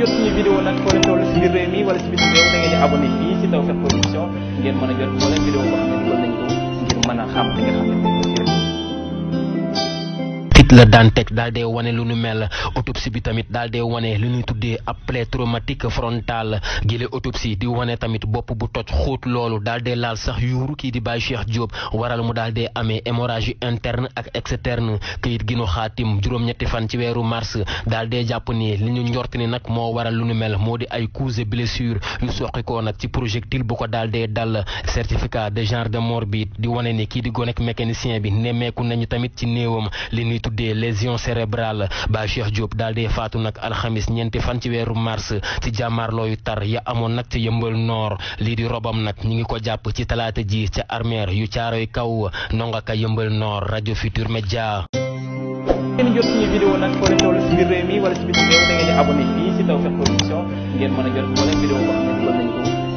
jot suñu vidéo nag foo leen toll si biir réew mi wala si biir réew da ngeen di abonné fii si Tawfekh Production ngeen mën a jot moo leen vidéo boo it la daan teg daal dee lu nu mel autopsie bi tamit daal dee wane lu ñuy tuddee ab plaie traumatique frontale gile autopsie di wane tamit bopp bu toj xóot loolu daal dee laal sax yuuru kii di Baye Cheikh Diop waral mu daal dee amee hémorragie interne ak externe këyit gi nu xaatim juróom-ñetti fan ci weeru mars daal dee jàpp ni li ñu njort ni nag moo waral lu nu mel moo di ay coups et blessures yu soqikoo nag ci projectile bu ko daal dee dal certificat de genre de mort di wane ni kii di gonek mécanicien bi tuddee lésion cérébrale ba Cheikh Diop daal dee faatu nag alxamis ñeenti fan ci weeru mars ci jàmmaarloo yu tar ya amoon nag ci yëmbal noor lii di robam nag ñu ngi ko jàpp ci talaata ji ca armeer yu caaroy kaw nongaka yëmbal noor rajo Futur Media. ngeen jot